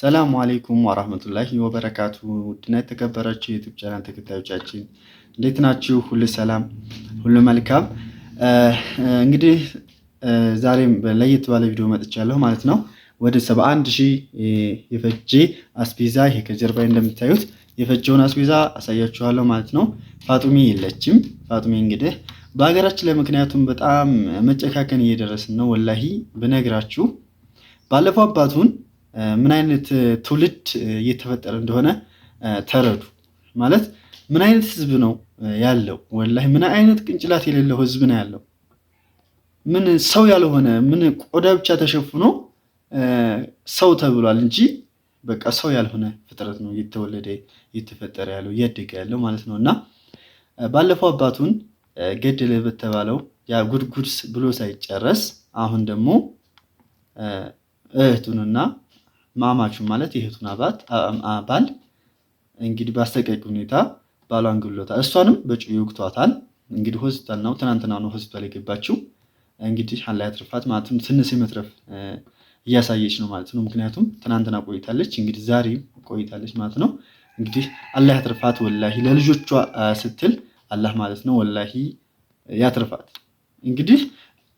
ሰላም አሌይኩም ወራህመቱላሂ ወበረካቱ። ውድና የተከበራችሁ የዩቲዩብ ቻናል ተከታዮቻችን እንዴት ናችሁ? ሁሉ ሰላም፣ ሁሉ መልካም። እንግዲህ ዛሬም ለየት ባለ ቪዲዮ መጥቻለሁ ማለት ነው። ወደ 71 ሺህ የፈጀ አስቤዛ ይሄ ከጀርባ እንደምታዩት የፈጀውን አስቤዛ አሳያችኋለሁ ማለት ነው። ፋጡሚ የለችም። ፋጡሚ እንግዲህ በሀገራችን ላይ ምክንያቱም በጣም መጨካከን እየደረስን ነው። ወላሂ ብነግራችሁ ባለፈው አባቱን ምን አይነት ትውልድ እየተፈጠረ እንደሆነ ተረዱ። ማለት ምን አይነት ህዝብ ነው ያለው? ወላሂ ምን አይነት ቅንጭላት የሌለው ህዝብ ነው ያለው? ምን ሰው ያልሆነ ምን ቆዳ ብቻ ተሸፍኖ ሰው ተብሏል እንጂ በቃ ሰው ያልሆነ ፍጥረት ነው እየተወለደ እየተፈጠረ ያለው እያደገ ያለው ማለት ነው። እና ባለፈው አባቱን ገደለ በተባለው ያ ጉድጉድ ብሎ ሳይጨረስ አሁን ደግሞ እህቱንና ማማቹ ማለት የእህቱን ባል እንግዲህ በአሰቃቂ ሁኔታ ባሏን ገድሎታል። እሷንም በጭ ይወቅቷታል። እንግዲህ ሆስፒታል ነው፣ ትናንትና ነው ሆስፒታል የገባችው። እንግዲህ አላህ ያትርፋት ማለትም ትንሽ መትረፍ እያሳየች ነው ማለት ነው። ምክንያቱም ትናንትና ቆይታለች፣ እንግዲህ ዛሬ ቆይታለች ማለት ነው። እንግዲህ አላህ ያትርፋት ወላሂ፣ ለልጆቿ ስትል አላህ ማለት ነው ወላሂ ያትርፋት። እንግዲህ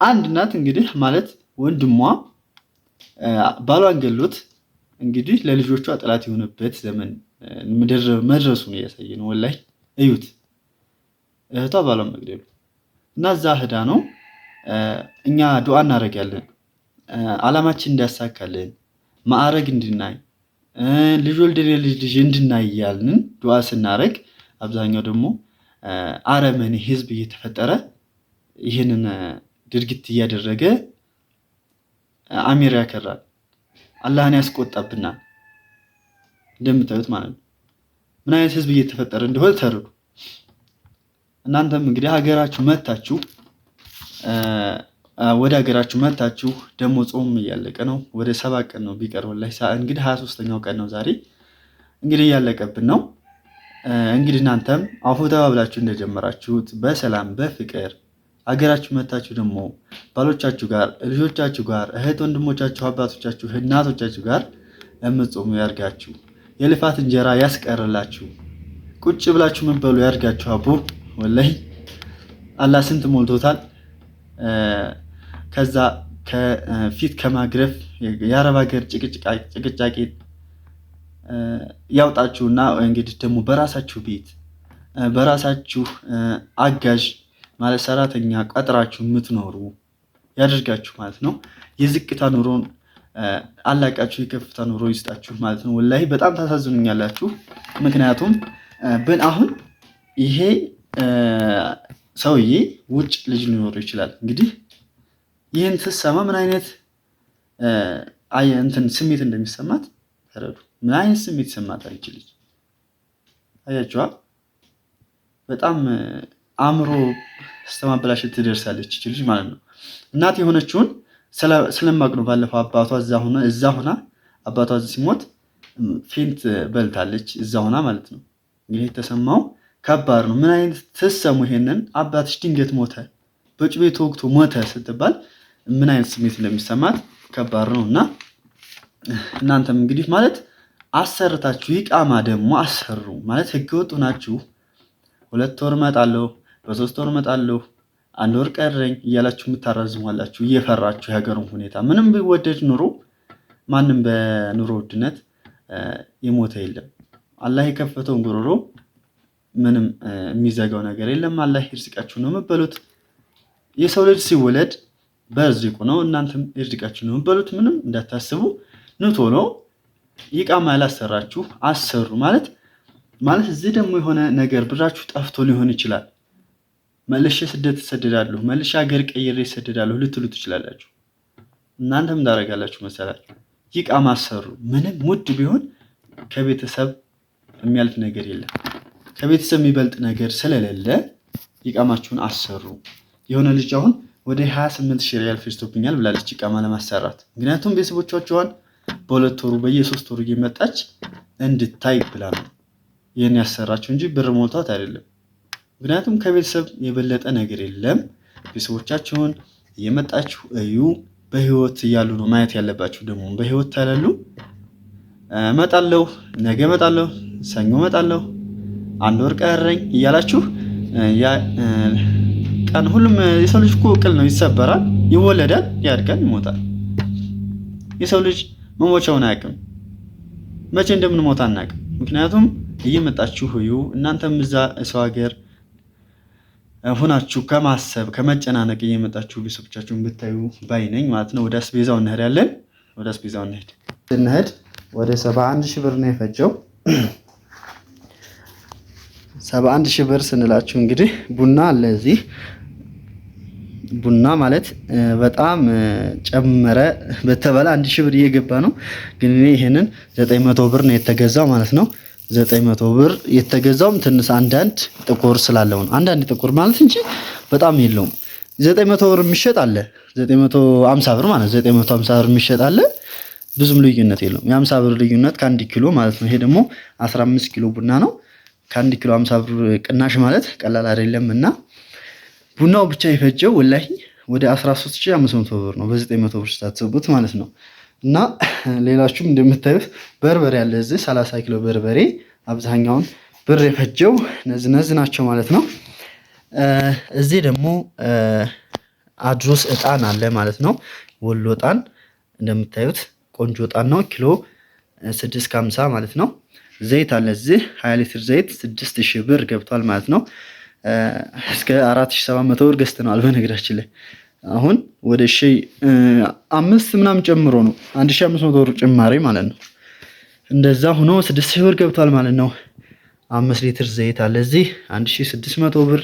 አንድ እናት እንግዲህ ማለት ወንድሟ ባሏን ገሎት እንግዲህ ለልጆቿ ጠላት የሆነበት ዘመን መድረሱን እያሳየ ነው። ወላይ እዩት፣ እህቷ ባሏን መግደሉ እና እዛ ህዳ ነው። እኛ ዱዓ እናደርጋለን፣ አላማችን እንዳሳካልን፣ ማዕረግ እንድናይ፣ ልጅ ወልደሌ ልጅ ልጅ እንድናይ እያልንን ዱዓ ስናደርግ አብዛኛው ደግሞ አረመኔ ህዝብ እየተፈጠረ ይህንን ድርጊት እያደረገ አሚር ያከራል። አላህን ያስቆጣብናል። እንደምታዩት ማለት ነው። ምን አይነት ህዝብ እየተፈጠረ እንደሆነ ተረዱ። እናንተም እንግዲህ ሀገራችሁ መታችሁ ወደ ሀገራችሁ መታችሁ። ደግሞ ጾም እያለቀ ነው። ወደ ሰባት ቀን ነው ቢቀርብ ላይ እንግዲህ ሀያ ሶስተኛው ቀን ነው ዛሬ እንግዲህ እያለቀብን ነው። እንግዲህ እናንተም አፉ ተባብላችሁ እንደጀመራችሁት በሰላም በፍቅር አገራችሁ መታችሁ ደግሞ ባሎቻችሁ ጋር ልጆቻችሁ ጋር እህት ወንድሞቻችሁ አባቶቻችሁ እናቶቻችሁ ጋር የምትጾሙ ያርጋችሁ። የልፋት እንጀራ ያስቀርላችሁ። ቁጭ ብላችሁ ምን ያርጋችሁ። አቦ ወላይ አላህ ስንት ሞልቶታል። ከዛ ከፊት ከማግረፍ የአረብ ሀገር ጭቅጫቄ ያውጣችሁና እንግዲህ ደግሞ በራሳችሁ ቤት በራሳችሁ አጋዥ ማለት ሰራተኛ ቀጥራችሁ የምትኖሩ ያደርጋችሁ ማለት ነው። የዝቅታ ኑሮን አላቃችሁ የከፍታ ኑሮ ይስጣችሁ ማለት ነው። ወላሂ በጣም ታሳዝኑኛላችሁ። ምክንያቱም ብን አሁን ይሄ ሰውዬ ውጭ ልጅ ሊኖሩ ይችላል። እንግዲህ ይህን ስትሰማ ምን አይነት እንትን ስሜት እንደሚሰማት ተረዱ። ምን አይነት ስሜት ይሰማታል ይች ልጅ? በጣም አእምሮ እስከማበላሸት ትደርሳለች ልጅ ማለት ነው። እናት የሆነችውን ስለማቅ ነው። ባለፈው አባቷ እዛ ሆና አባቷ ሲሞት ፌንት በልታለች እዛ ሆና ማለት ነው። እንግዲህ የተሰማው ከባድ ነው። ምን አይነት ትሰሙ ይሄንን አባትሽ ድንገት ሞተ፣ በጩቤ ተወግቶ ሞተ ስትባል ምን አይነት ስሜት እንደሚሰማት ከባድ ነው እና እናንተም እንግዲህ ማለት አሰርታችሁ ይቃማ ደግሞ አሰሩ ማለት ህገወጥ ናችሁ። ሁለት ወር እመጣለሁ በሶስት ወር እመጣለሁ አንድ ወር ቀረኝ እያላችሁ የምታራዝሟላችሁ እየፈራችሁ የሀገሩን ሁኔታ ምንም ቢወደድ ኑሮ ማንም በኑሮ ውድነት የሞተ የለም። አላህ የከፈተውን ጉሮሮ ምንም የሚዘጋው ነገር የለም። አላህ ይርዝቃችሁ ነው የምበሉት። የሰው ልጅ ሲወለድ በርዝቁ ነው፣ እናንተም ይርዝቃችሁ ነው የምበሉት። ምንም እንዳታስቡ ንቶ ነው ይቃማ ያላሰራችሁ አሰሩ ማለት ማለት እዚህ ደግሞ የሆነ ነገር ብራችሁ ጠፍቶ ሊሆን ይችላል መልሼ ስደት እሰደዳለሁ፣ መልሼ ሀገር ቀይሬ እሰደዳለሁ ልትሉ ትችላላችሁ። እናንተ ምን ታደርጋላችሁ መሰላችሁ? ይቃማ ሰሩ። ምንም ውድ ቢሆን ከቤተሰብ የሚያልፍ ነገር የለም። ከቤተሰብ የሚበልጥ ነገር ስለሌለ ይቃማችሁን አሰሩ። የሆነ ልጅ አሁን ወደ 28 ሺህ ሪያል ፌስቶብኛል ብላለች ይቃማ ለማሰራት። ምክንያቱም ቤተሰቦቿን በሁለት ወሩ በየሶስት ወሩ እየመጣች እንድታይ ብላ ነው ይህን ያሰራችሁ እንጂ ብር ሞልቷት አይደለም። ምክንያቱም ከቤተሰብ የበለጠ ነገር የለም። ቤተሰቦቻችሁን እየመጣችሁ እዩ። በህይወት እያሉ ነው ማየት ያለባችሁ። ደግሞ በህይወት ታላሉ እመጣለሁ፣ ነገ እመጣለሁ፣ ሰኞ እመጣለሁ፣ አንድ ወር ቀረኝ እያላችሁ ቀን ሁሉም የሰው ልጅ እኮ ቅል ነው። ይሰበራል፣ ይወለዳል፣ ያድጋል፣ ይሞታል። የሰው ልጅ መሞቻውን አያውቅም። መቼ እንደምንሞት አናውቅም። ምክንያቱም እየመጣችሁ እዩ። እናንተም እዛ ሰው ሀገር ሁናችሁ ከማሰብ ከመጨናነቅ እየመጣችሁ ቤተሰቦቻችሁን ብታዩ ባይ ነኝ ማለት ነው። ወደ አስቤዛው ያለን ወደ አስቤዛው እንሄድ እንሄድ ወደ ሰባ አንድ ሺህ ብር ነው የፈጀው። ሰባ አንድ ሺህ ብር ስንላችሁ እንግዲህ ቡና አለ እዚህ። ቡና ማለት በጣም ጨመረ በተባለ አንድ ሺህ ብር እየገባ ነው። ግን እኔ ይህንን ዘጠኝ መቶ ብር ነው የተገዛው ማለት ነው። ዘጠኝ መቶ ብር የተገዛውም ትንስ አንዳንድ ጥቁር ስላለው ነው። አንዳንድ ጥቁር ማለት እንጂ በጣም የለውም። ዘጠኝ መቶ ብር የሚሸጥ አለ። ዘጠኝ መቶ አምሳ ብር ማለት ዘጠኝ መቶ አምሳ ብር የሚሸጥ አለ። ብዙም ልዩነት የለውም። የአምሳ ብር ልዩነት ከአንድ ኪሎ ማለት ነው። ይሄ ደግሞ አስራ አምስት ኪሎ ቡና ነው። ከአንድ ኪሎ አምሳ ብር ቅናሽ ማለት ቀላል አይደለም እና ቡናው ብቻ የፈጀው ወላሂ ወደ አስራ ሶስት ሺህ አምስት መቶ ብር ነው። በዘጠኝ መቶ ብር ስታስቡት ማለት ነው። እና ሌላችሁም እንደምታዩት በርበሬ ያለ እዚህ 30 ኪሎ በርበሬ አብዛኛውን ብር የፈጀው ነዝ ነዝ ናቸው ማለት ነው። እዚህ ደግሞ አድሮስ እጣን አለ ማለት ነው። ወሎ እጣን እንደምታዩት ቆንጆ እጣን ነው። ኪሎ 650 ማለት ነው። ዘይት አለ እዚህ 20 ሊትር ዘይት 6000 ብር ገብቷል ማለት ነው። እስከ 4700 ብር ገዝተነዋል በነገራችን ላይ አሁን ወደ ሺ አምስት ምናምን ጨምሮ ነው አንድ ሺ አምስት መቶ ብር ጭማሪ ማለት ነው። እንደዛ ሆኖ ስድስት ሺህ ብር ገብቷል ማለት ነው። አምስት ሊትር ዘይት አለ እዚህ አንድ ሺ ስድስት መቶ ብር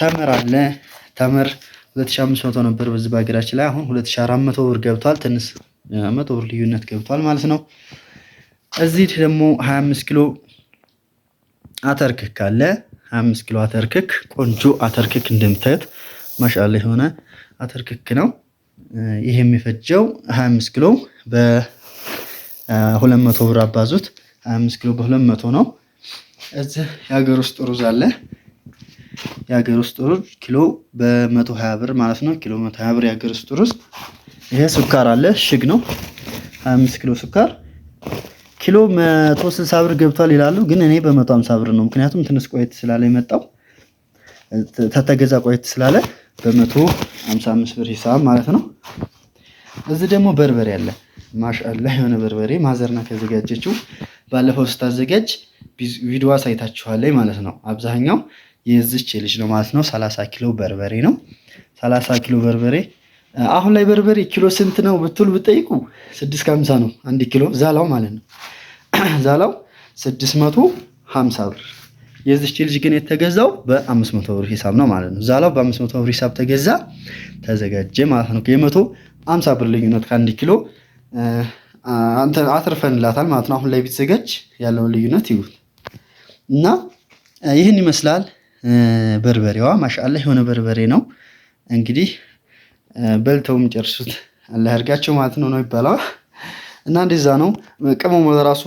ተመር አለ ተመር ሁለት ሺ አምስት መቶ ነበር በዚህ በሀገራችን ላይ አሁን ሁለት ሺ አራት መቶ ብር ገብቷል። ትንስ መቶ ብር ልዩነት ገብቷል ማለት ነው። እዚህ ደግሞ ሀያ አምስት ኪሎ አተርክክ አለ ሀያ አምስት ኪሎ አተርክክ ቆንጆ አተርክክ እንደምታዩት ማሻአላ የሆነ አተር ክክ ነው። ይሄ የሚፈጀው 25 ኪሎ በ200 ብር አባዙት። 25 ኪሎ በ200 ነው። እዚህ የሀገር ውስጥ ሩዝ አለ። የሀገር ውስጥ ሩዝ ኪሎ በ120 ብር ማለት ነው። ኪሎ 120 ብር የሀገር ውስጥ ሩዝ። ይሄ ሱካር አለ፣ ሽግ ነው። 25 ኪሎ ሱካር ኪሎ 160 ብር ገብቷል ይላሉ፣ ግን እኔ በ150 ብር ነው። ምክንያቱም ትንሽ ቆየት ስላለ የመጣው ተተገዛ ቆየት ስላለ በመቶ 55 አምስት ብር ሂሳብ ማለት ነው። እዚህ ደግሞ በርበሬ አለ። ማሻአላህ የሆነ በርበሬ ማዘርናት ያዘጋጀችው። ባለፈው ስታዘጋጅ ቪዲዮ አሳይታችኋለች ማለት ነው። አብዛኛው የዚች ልጅ ነው ማለት ነው። 30 ኪሎ በርበሬ ነው። 30 ኪሎ በርበሬ አሁን ላይ በርበሬ ኪሎ ስንት ነው ብትሉ ብጠይቁ 650 ነው አንድ ኪሎ ዛላው ማለት ነው። ዛላው 650 ብር የዚች ልጅ ግን የተገዛው በ500 ብር ሂሳብ ነው ማለት ነው። ዛላው በ500 ብር ሂሳብ ተገዛ ተዘጋጀ ማለት ነው የመቶ 50 ብር ልዩነት ከአንድ ኪሎ አትርፈንላታል ማለት ነው። አሁን ላይ ቢዘጋጅ ያለውን ልዩነት ይሁት እና ይህን ይመስላል በርበሬዋ። ማሻአላ የሆነ በርበሬ ነው እንግዲህ በልተውም ጨርሱት አለ ያርጋቸው ማለት ነው ነው ይባላል። እና እንደዛ ነው። ቅመሙ ራሱ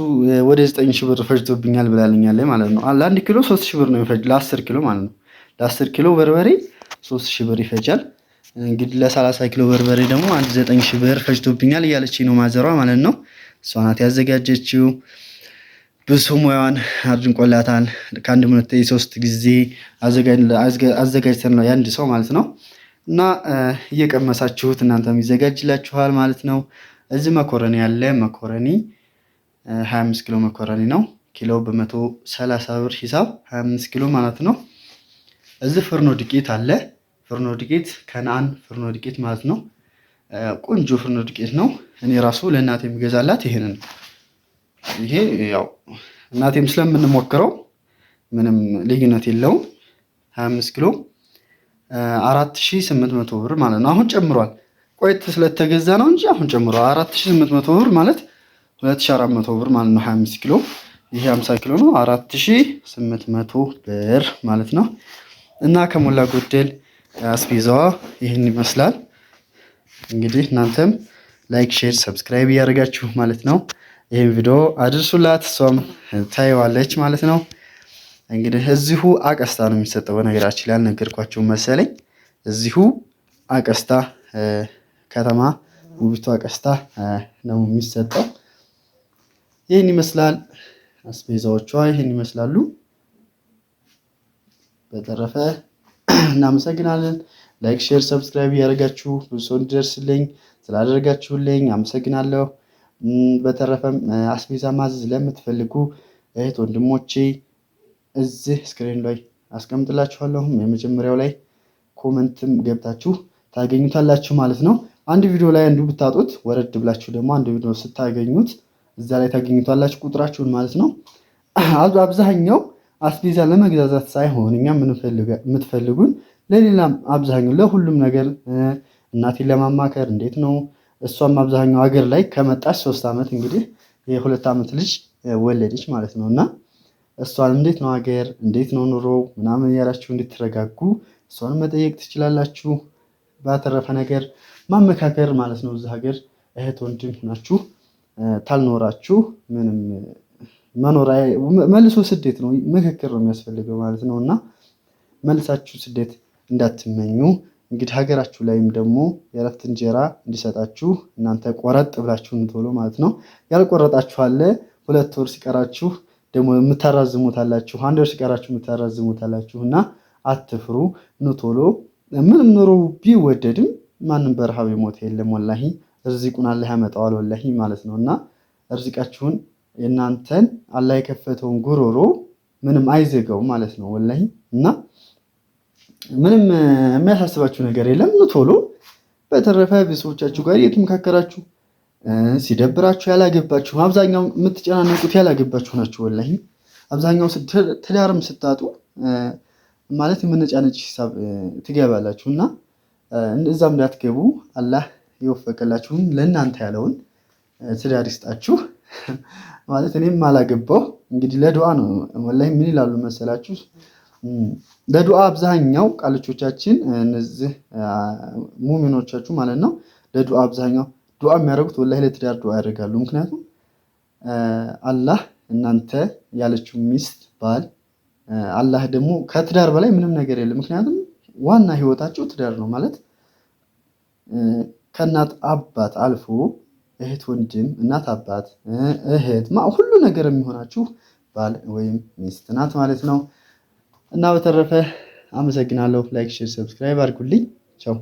ወደ ዘጠኝ ሺህ ብር ፈጅቶብኛል ብላልኛለች ማለት ነው። ለአንድ ኪሎ ሶስት ሺህ ብር ነው የሚፈጅ ለአስር ኪሎ ማለት ነው። ለአስር ኪሎ በርበሬ ሶስት ሺህ ብር ይፈጃል። እንግዲህ ለሰላሳ ኪሎ በርበሬ ደግሞ አንድ ዘጠኝ ሺህ ብር ፈጅቶብኛል እያለች ነው ማዘሯ ማለት ነው። እሷ ናት ያዘጋጀችው። ብዙ ሙያዋን አድንቆላታል። ከአንድ ምነት የሶስት ጊዜ አዘጋጅተን ነው የአንድ ሰው ማለት ነው። እና እየቀመሳችሁት እናንተም ይዘጋጅላችኋል ማለት ነው። እዚህ መኮረኒ ያለ መኮረኒ 25 ኪሎ መኮረኒ ነው። ኪሎ በ130 ብር ሂሳብ 25 ኪሎ ማለት ነው። እዚህ ፍርኖ ዱቄት አለ። ፍርኖ ዱቄት ከነአን ፍርኖ ዱቄት ማለት ነው። ቆንጆ ፍርኖ ዱቄት ነው። እኔ ራሱ ለእናቴ የሚገዛላት ይሄን ነው። ይሄ ያው እናቴም ስለምንሞክረው ምንም ልዩነት የለውም። 25 ኪሎ 4800 ብር ማለት ነው። አሁን ጨምሯል። ቆይት ስለተገዛ ነው እንጂ አሁን ጨምሮ 4800 ብር ማለት 2400 ብር ማለት ነው። 25 ኪሎ ይሄ 50 ኪሎ ነው። 4800 ብር ማለት ነው። እና ከሞላ ጎደል አስቤዛዋ ይህን ይመስላል። እንግዲህ እናንተም ላይክ፣ ሼር፣ ሰብስክራይብ እያደረጋችሁ ማለት ነው ይህን ቪዲዮ አድርሱላት፣ እሷም ታየዋለች ማለት ነው። እንግዲህ እዚሁ አቀስታ ነው የሚሰጠው። በነገራችን ላይ ነገርኳችሁ መሰለኝ። እዚሁ አቀስታ ከተማ ውቢቷ ቀስታ ነው የሚሰጠው። ይህን ይመስላል። አስቤዛዎቿ ይህን ይመስላሉ። በተረፈ እናመሰግናለን። ላይክ፣ ሼር፣ ሰብስክራይብ እያደረጋችሁ ብዙ ሰው እንዲደርስልኝ ስላደረጋችሁልኝ አመሰግናለሁ። በተረፈም አስቤዛ ማዘዝ ለምትፈልጉ እህት ወንድሞቼ እዚህ ስክሪን ላይ አስቀምጥላችኋለሁም የመጀመሪያው ላይ ኮመንትም ገብታችሁ ታገኙታላችሁ ማለት ነው። አንድ ቪዲዮ ላይ አንዱ ብታጡት ወረድ ብላችሁ ደግሞ አንድ ቪዲዮ ስታገኙት እዛ ላይ ታገኙታላችሁ ቁጥራችሁን ማለት ነው። አብዛኛው አስቤዛ ለመግዛዛት ሳይሆን እኛ የምትፈልጉን ለሌላም አብዛኛው ለሁሉም ነገር እናቴን ለማማከር እንዴት ነው እሷም አብዛኛው ሀገር ላይ ከመጣች ሶስት ዓመት እንግዲህ የሁለት ዓመት ልጅ ወለደች ማለት ነው እና እሷን እንዴት ነው ሀገር እንዴት ነው ኑሮ ምናምን እያላችሁ እንድትረጋጉ እሷን መጠየቅ ትችላላችሁ። ባተረፈ ነገር ማመካከር ማለት ነው። እዚህ ሀገር እህት ወንድም ሆናችሁ ታልኖራችሁ ምንም መኖሪያ መልሶ ስደት ነው፣ ምክክር ነው የሚያስፈልገው ማለት ነው። እና መልሳችሁ ስደት እንዳትመኙ እንግዲህ ሀገራችሁ ላይም ደግሞ የረፍት እንጀራ እንዲሰጣችሁ እናንተ ቆረጥ ብላችሁ ንቶሎ ማለት ነው። ያልቆረጣችሁ አለ ሁለት ወር ሲቀራችሁ ደግሞ የምታራዝሙት አላችሁ፣ አንድ ወር ሲቀራችሁ የምታራዝሙት አላችሁ እና አትፍሩ፣ ንቶሎ ቶሎ ምንም ኑሮ ቢወደድም ማንም በረሃብ የሞተ የለም። ወላሂ እርዚቁን አላህ ያመጣዋል። ወላሂ ማለት ነው እና እርዚቃችሁን የእናንተን አላህ የከፈተውን ጉሮሮ ምንም አይዘገው ማለት ነው ወላሂ እና ምንም የሚያሳስባችሁ ነገር የለም። ቶሎ በተረፈ ቤተሰቦቻችሁ ጋር እየተመካከራችሁ ሲደብራችሁ ያላገባችሁ አብዛኛው የምትጨናነቁት ያላገባችሁ ናችሁ። ወላሂ አብዛኛው ትዳርም ስታጡ ማለት የምነጫነጭ ሂሳብ ትገባላችሁ እና እዛም እንዳትገቡ አላህ የወፈቀላችሁን ለእናንተ ያለውን ትዳር ይስጣችሁ። ማለት እኔም አላገባው እንግዲህ ለዱዓ ነው። ወላሂ ምን ይላሉ መሰላችሁ? ለዱዓ አብዛኛው ቃልቾቻችን እነዚህ ሙሚኖቻችሁ ማለት ነው። ለዱዓ አብዛኛው ዱዓ የሚያደርጉት ወላሂ ለትዳር ዱዓ ያደርጋሉ። ምክንያቱም አላህ እናንተ ያለችው ሚስት ባል፣ አላህ ደግሞ ከትዳር በላይ ምንም ነገር የለም። ምክንያቱም ዋና ህይወታቸው ትዳር ነው ማለት ከእናት አባት አልፎ እህት ወንድም፣ እናት አባት፣ እህት ሁሉ ነገር የሚሆናችሁ ባል ወይም ሚስት ናት ማለት ነው። እና በተረፈ አመሰግናለሁ። ላይክ፣ ሼር፣ ሰብስክራይብ አድርጉልኝ። ቻው